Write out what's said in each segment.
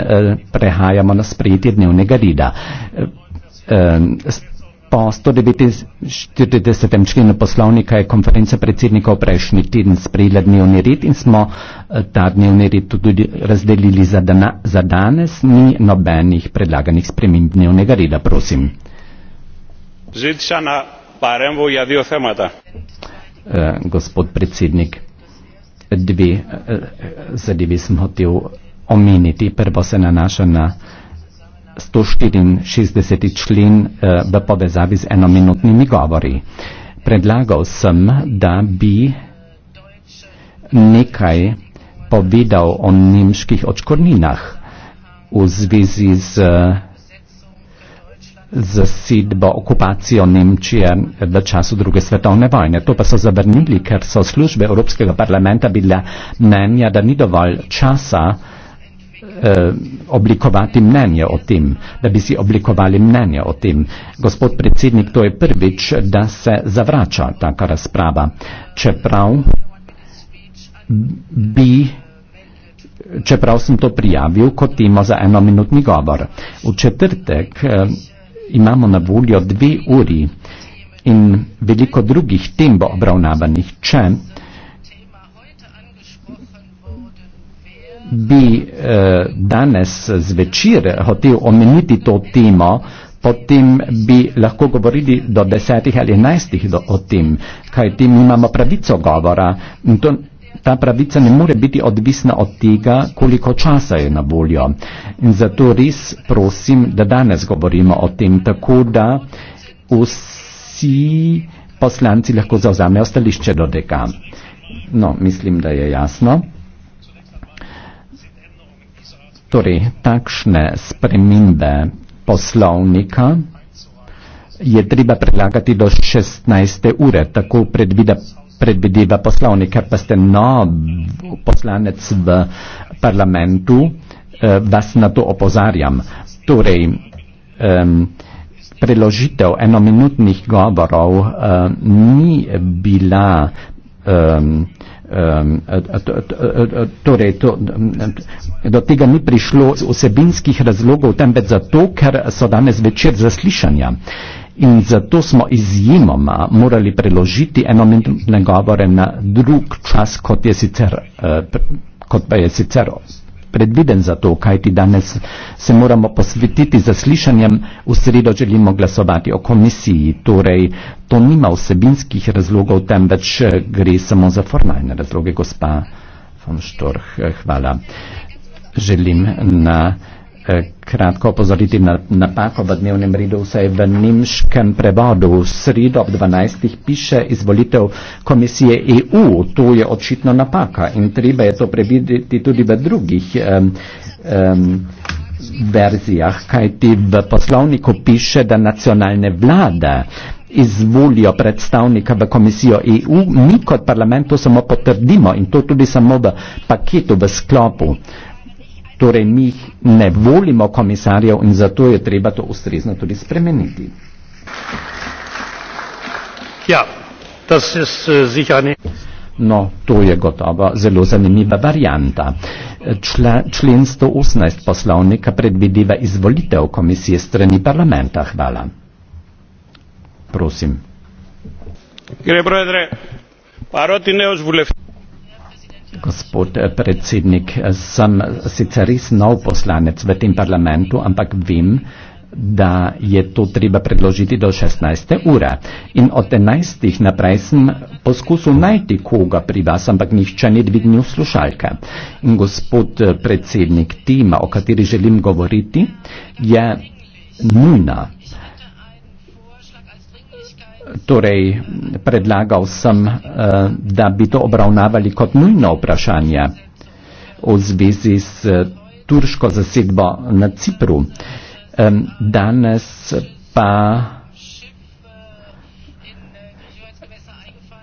Eh, prehajamo na sprejetje dnevnega reda. Eh, eh, po 149. členu poslovnika je konferenca predsednikov prejšnji teden sprejela dnevni red in smo ta dnevni red tudi razdelili za, dana, za danes. Ni nobenih predlaganih sprememb dnevnega reda, prosim. Gospod predsednik, dve zadevi smo hotel omeniti. Prvo se nanaša na 164. člen eh, v povezavi z enominutnimi govori. Predlagal sem, da bi nekaj povedal o nemških očkorninah v zvezi z eh, zasedbo, okupacijo Nemčije v času druge svetovne vojne. To pa so zavrnili, ker so službe Evropskega parlamenta bile mnenja, da ni dovolj časa, uh, eh, oblikovati mnenje o tem, da bi si oblikovali mnenje o tem. Gospod predsednik, to je prvič, da se zavrača taka razprava. Čeprav bi. Čeprav sem to prijavil kot temo za enominutni govor. V četrtek eh, imamo na voljo dve uri in veliko drugih tem bo obravnavanih. Če bi eh, danes zvečer hotel omeniti to temo, potem bi lahko govorili do desetih ali enajstih o tem, kaj tem imamo pravico govora. To, ta pravica ne more biti odvisna od tega, koliko časa je na voljo. In zato res prosim, da danes govorimo o tem, tako da vsi poslanci lahko zauzamejo stališče do deka. No, mislim, da je jasno torej takšne spremembe poslovnika je treba predlagati do 16. ure, tako predvida, predvideva poslovnik, ker pa ste nov poslanec v parlamentu, eh, vas na to opozarjam. Torej, eh, preložitev enominutnih govorov eh, ni bila eh, Ehm, torej to, do tega ni prišlo osebinskih razlogov, temveč zato, ker so danes večer zaslišanja. In zato smo izjemoma morali preložiti enominutne govore na drug čas, kot, je sicer, eh, kot pa je sicer predviden za to, kaj ti danes se moramo posvetiti zaslišanjem, v sredo želimo glasovati o komisiji. Torej, to nima vsebinskih razlogov, temveč eh, gre samo za formalne razloge, gospa von Štorh. Eh, hvala. Želim na. Eh, kratko opozoriti na napako v dnevnem redu, saj v nemškem prevodu v sredo ob 12. piše izvolitev komisije EU. To je očitno napaka in treba je to prebiti tudi v drugih um, um, verzijah, kajti v poslovniku piše, da nacionalne vlade izvolijo predstavnika v komisijo EU, mi kot parlamentu samo potrdimo in to tudi samo v paketu, v sklopu. Uh, Torej, mi ne volimo komisarjev in zato je treba to ustrezno tudi spremeniti. Ja, to se zigane. No, to je gotovo zelo zanimiva varijanta. Čla, člen 118 poslovnika predvideva izvolitev komisije strani parlamenta. Hvala. Prosim. Gre, brodre, paroti ne ozvolite. Gospod eh, predsednik, eh, sem sicer res nov poslanec v tem parlamentu, ampak vem, da je to treba predložiti do 16. ure. In od 11. naprej sem poskusil najti koga pri vas, ampak nihče ni dvignil slušalke. In gospod eh, predsednik, tema, o kateri želim govoriti, je nujna. Uh, torej predlagal sem, eh, da bi to obravnavali kot nujno vprašanje v zvezi s eh, turško zasedbo na Cipru. Danes pa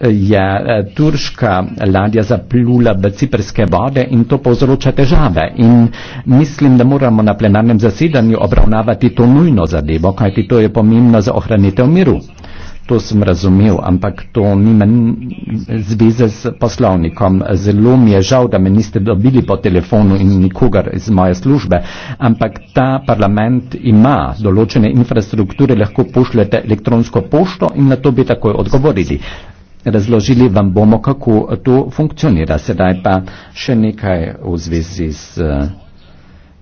je eh, turška ladja zaplula v ciprske vode in to povzroča težave. In mislim, da moramo na plenarnem zasedanju obravnavati to nujno zadevo, kajti to je pomembno za ohranitev miru. To sem razumel, ampak to nima zveze z poslovnikom. Zelo mi je žal, da me niste dobili po telefonu in nikogar iz moje službe, ampak ta parlament ima določene infrastrukture, lahko pošljete elektronsko pošto in na to bi takoj odgovorili. Razložili vam bomo, kako to funkcionira. Sedaj pa še nekaj v zvezi z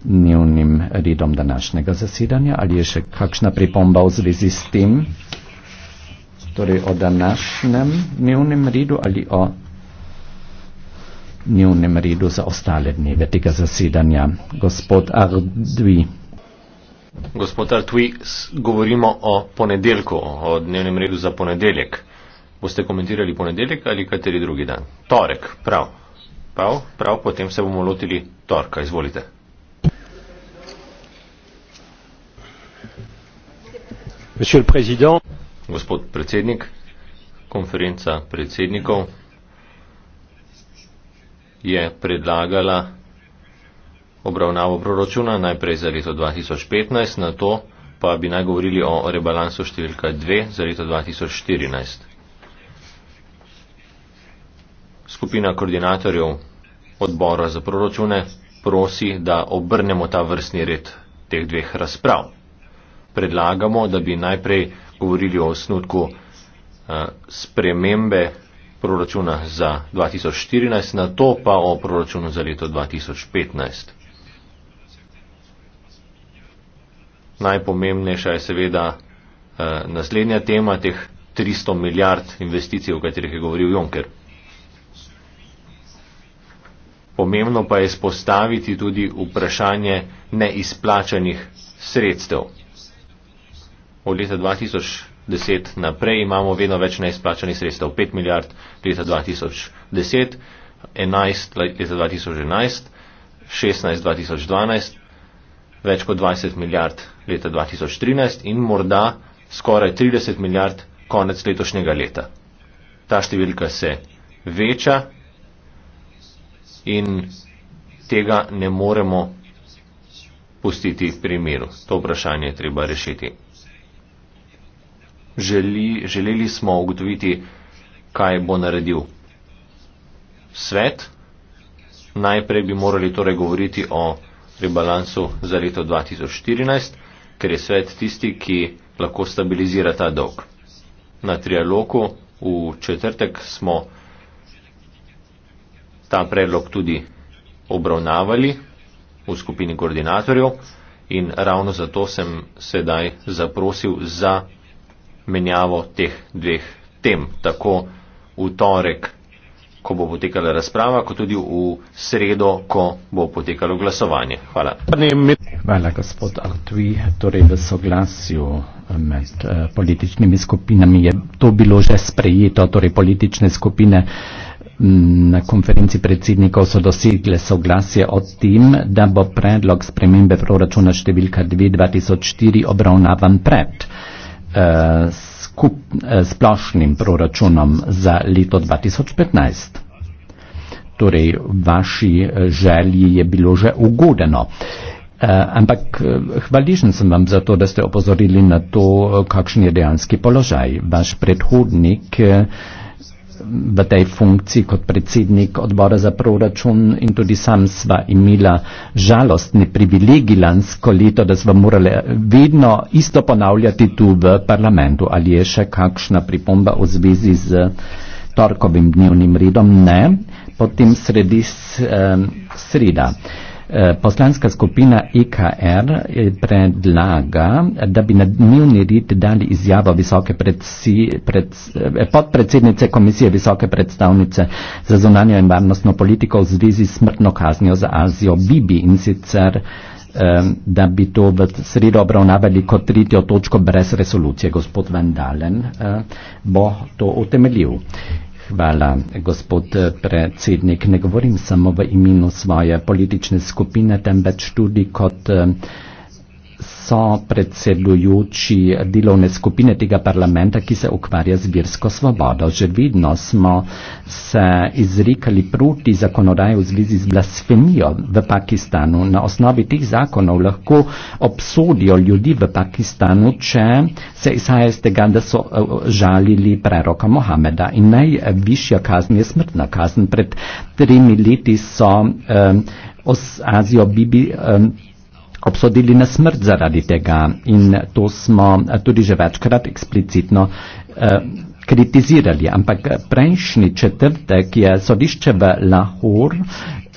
dnevnim redom današnjega zasedanja. Ali je še kakšna pripomba v zvezi s tem? torej o današnjem dnevnem redu ali o dnevnem redu za ostale dneve tega zasedanja. Gospod Ardvi. Gospod Ardvi, govorimo o ponedeljku, o dnevnem redu za ponedeljek. Boste komentirali ponedeljek ali kateri drugi dan? Torek, prav. Prav, prav, potem se bomo lotili torka. Izvolite. Monsieur le Président, Gospod predsednik, konferenca predsednikov je predlagala obravnavo proračuna najprej za leto 2015, na to pa bi naj govorili o rebalansu številka 2 za leto 2014. Skupina koordinatorjev odbora za proračune prosi, da obrnemo ta vrstni red teh dveh razprav. Predlagamo, da bi najprej govorili o osnutku eh, spremembe proračuna za 2014, na to pa o proračunu za leto 2015. Najpomembnejša je seveda eh, naslednja tema teh 300 milijard investicij, o katerih je govoril Juncker. Pomembno pa je spostaviti tudi vprašanje neizplačanih sredstev od leta 2010 naprej imamo vedno več neizplačanih sredstev. 5 milijard leta 2010, 11 leta 2011, 16 2012, več kot 20 milijard leta 2013 in morda skoraj 30 milijard konec letošnjega leta. Ta številka se veča in tega ne moremo pustiti pri miru. To vprašanje je treba rešiti želi, želeli smo ugotoviti, kaj bo naredil svet. Najprej bi morali torej govoriti o rebalansu za leto 2014, ker je svet tisti, ki lahko stabilizira ta dolg. Na trialogu v četrtek smo ta predlog tudi obravnavali v skupini koordinatorjev in ravno zato sem sedaj zaprosil za menjavo teh dveh tem, tako v torek, ko bo potekala razprava, kot tudi v sredo, ko bo potekalo glasovanje. Hvala. Hvala, gospod Artui. Torej, v soglasju eh, med eh, političnimi skupinami je to bilo že sprejeto, torej politične skupine mm, na konferenci predsednikov so dosegle soglasje o tem, da bo predlog spremembe proračuna številka 2004 obravnavan pred skup, eh, splošnim proračunom za leto 2015. Torej, vaši eh, želji je bilo že ugodeno. Eh, ampak hvaležen sem vam za to, da ste opozorili na to, kakšen je dejanski položaj. Vaš predhodnik v tej funkciji kot predsednik odbora za proračun in tudi sam sva imela žalostni privilegij lansko leto, da sva morali vedno isto ponavljati tu v parlamentu. Ali je še kakšna pripomba v zvezi z torkovim dnevnim redom? Ne. Potem sredis, eh, sreda. Eh, Eh, poslanska skupina IKR predlaga, da bi na dnevni red dali izjavo visoke predsi, pred, eh, podpredsednice Komisije visoke predstavnice za zunanjo in varnostno politiko v zvezi s smrtno kaznjo za Azijo Bibi in sicer, eh, da bi to v sredo obravnavali kot tretjo točko brez resolucije. Gospod Vandalen bo to utemeljil. Hvala, gospod predsednik. Ne govorim samo v imenu svoje politične skupine, temveč tudi kot eh, so predsedujoči delovne skupine tega parlamenta, ki se ukvarja z virsko svobodo. Že vidno smo se izrekali proti zakonodaju v zvezi z blasfemijo v Pakistanu. Na osnovi teh zakonov lahko obsodijo ljudi v Pakistanu, če se izhaja iz tega, da so eh, žalili preroka Mohameda. In najvišja kazn je smrtna kazn. Pred tremi leti so um, Azijo Bibi. Um, obsodili na smrt zaradi tega in to smo tudi že večkrat eksplicitno eh, kritizirali. Ampak prejšnji četrtek je sodišče v Lahore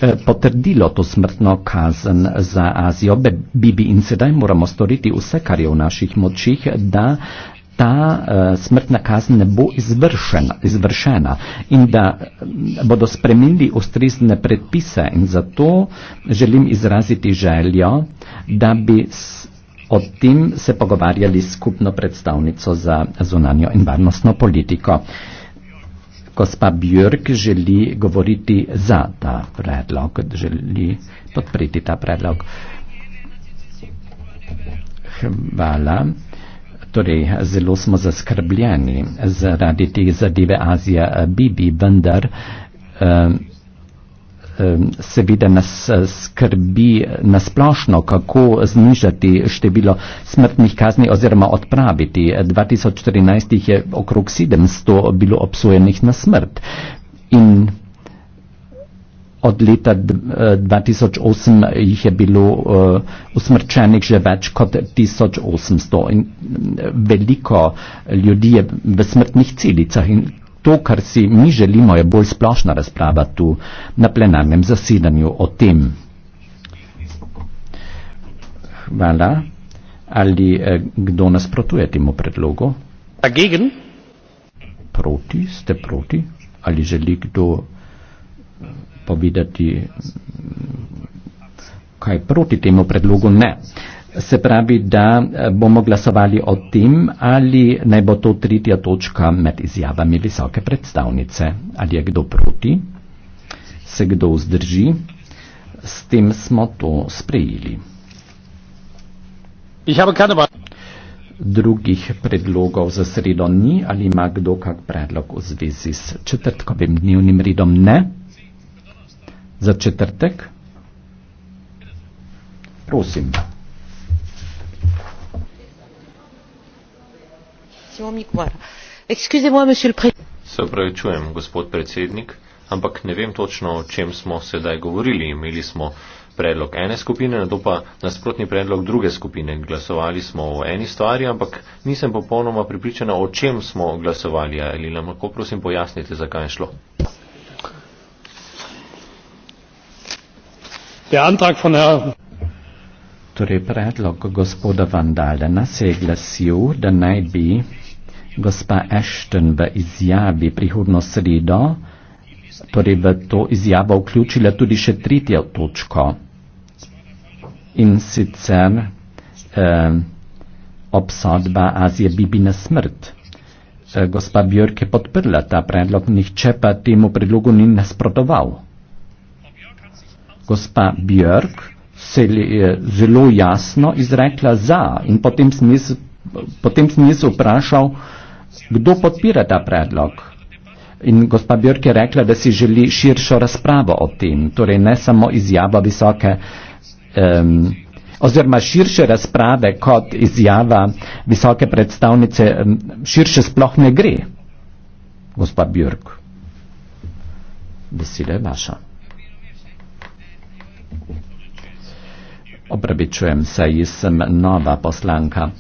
eh, potrdilo to smrtno kazen za Azijo, Bibi in sedaj moramo storiti vse, kar je v naših močih, da eh, ta uh, smrtna kazen ne bo izvršena, izvršena in da eh, bodo spremenili ustrezne predpise in zato želim izraziti željo, da bi o tem se pogovarjali skupno predstavnico za zunanjo in varnostno politiko. Gospa Björk želi govoriti za ta predlog, želi podpreti ta predlog. Hvala. Torej, zelo smo zaskrbljeni zaradi te zadeve Azija Bibi, vendar eh, eh, seveda nas eh, skrbi nasplošno, kako znižati število smrtnih kazni oziroma odpraviti. 2014 jih je okrog 700 bilo obsojenih na smrt. In od leta 2008 eh, jih je bilo uh, usmrčenih že več kot 1800 in eh, veliko ljudi je v smrtnih celicah in to, kar si mi želimo, je bolj splošna razprava tu na plenarnem zasedanju o tem. Hvala. Ali eh, kdo nasprotuje temu predlogu? Dagegen? Proti, ste proti? Ali želi kdo? povedati, kaj proti temu predlogu ne. Se pravi, da eh, bomo glasovali o tem, ali naj bo to tretja točka med izjavami visoke predstavnice. Ali je kdo proti? Se kdo vzdrži? S tem smo to sprejeli. Drugih predlogov za sredo ni, ali ima kdo kak predlog v zvezi s četrtkovim dnevnim redom? Ne za četrtek. Prosim. Se upravičujem, gospod predsednik, ampak ne vem točno, o čem smo sedaj govorili. Imeli smo predlog ene skupine, na to pa nasprotni predlog druge skupine. Glasovali smo o eni stvari, ampak nisem popolnoma pripričana, o čem smo glasovali. Ali nam lahko prosim pojasnite, zakaj je šlo? Der Antrag von Herrn Torej, predlog gospoda Vandalena se je glasil, da naj bi gospa Ashton v izjavi prihodno sredo, torej v to izjavo vključila tudi še tretjo točko. In sicer eh, obsodba Azije Bibi na smrt. Eh, gospa Björk je podprla ta predlog, nihče pa temu predlogu ni nasprotoval gospa Björk se je eh, zelo jasno izrekla za in potem sem jaz vprašal, kdo podpira ta predlog. In gospa Björk je rekla, da si želi širšo razpravo o tem, torej ne samo izjava visoke. Um, oziroma širše razprave kot izjava visoke predstavnice, širše sploh ne gre, gospa Björk. Besede vaša. Opravičujem se, jesem nova poslanka.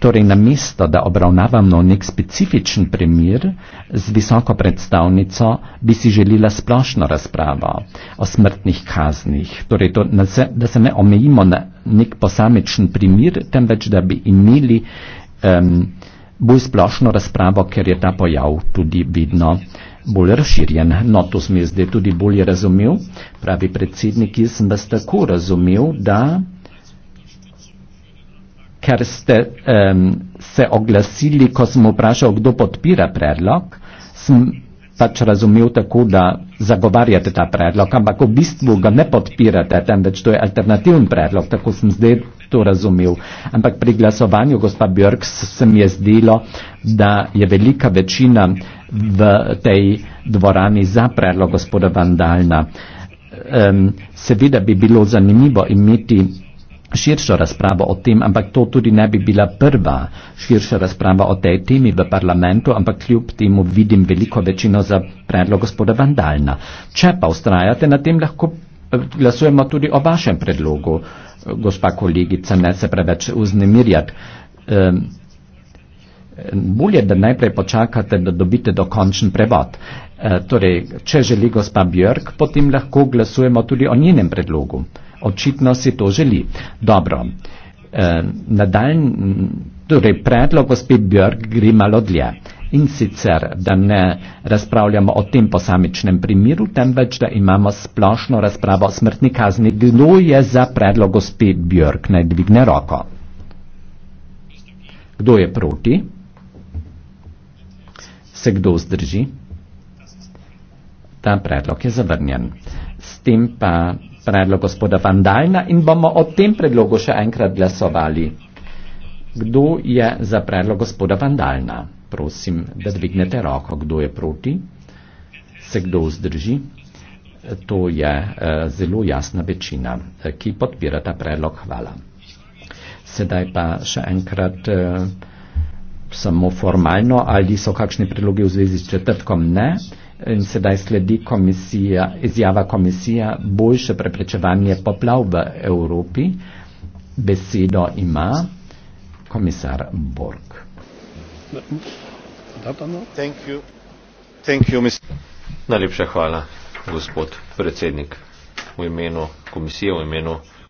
Torej, namesto da obravnavamo nek specifičen primer z visoko predstavnico, bi si želela splošno razpravo o smrtnih kaznih. Torej, to, da se ne omejimo na nek posamičen primer, temveč da bi imeli um, bolj splošno razpravo, ker je ta pojav tudi vidno bolj razširjen. No, to sem jaz zdaj tudi bolje razumel. Pravi predsednik, jaz sem vas tako razumel, da ker ste um, se oglasili, ko sem vprašal, kdo podpira predlog, sem pač razumel tako, da zagovarjate ta predlog, ampak v bistvu ga ne podpirate, temveč to je alternativen predlog, tako sem zdaj to razumel. Ampak pri glasovanju, gospa Björks, se mi je zdelo, da je velika večina v tej dvorani za predlog gospoda Vandalna. Um, seveda bi bilo zanimivo imeti širšo razpravo o tem, ampak to tudi ne bi bila prva širša razprava o tej temi v parlamentu, ampak kljub temu vidim veliko večino za predlog gospoda Vandalna. Če pa ustrajate na tem, lahko eh, glasujemo tudi o vašem predlogu, eh, gospa kolegica, ne se preveč uznemirjati. Um, bolje, da najprej počakate, da dobite dokončen prevod. E, torej, če želi gospa Björk, potem lahko glasujemo tudi o njenem predlogu. Očitno si to želi. Dobro. E, Nadaljn, torej, predlog gospe Björk gre malo dlje. In sicer, da ne razpravljamo o tem posamičnem primiru, temveč, da imamo splošno razpravo o smrtni kazni. Kdo je za predlog gospe Björk? Naj dvigne roko. Kdo je proti? Se kdo zdrži? Ta predlog je zavrnjen. S tem pa predlog gospoda Vandajna in bomo o tem predlogu še enkrat glasovali. Kdo je za predlog gospoda Vandajna? Prosim, da dvignete roko. Kdo je proti? Se kdo zdrži? To je uh, zelo jasna večina, eh, ki podpira ta predlog. Hvala. Sedaj pa še enkrat. Uh, samo formalno, ali so kakšni predlogi v zvezi s četrtkom, ne. In sedaj sledi komisija, izjava komisija boljše preprečevanje poplav v Evropi. Besedo ima komisar Borg. Thank you. Thank you, Najlepša hvala, gospod predsednik, v imenu komisije, v imenu.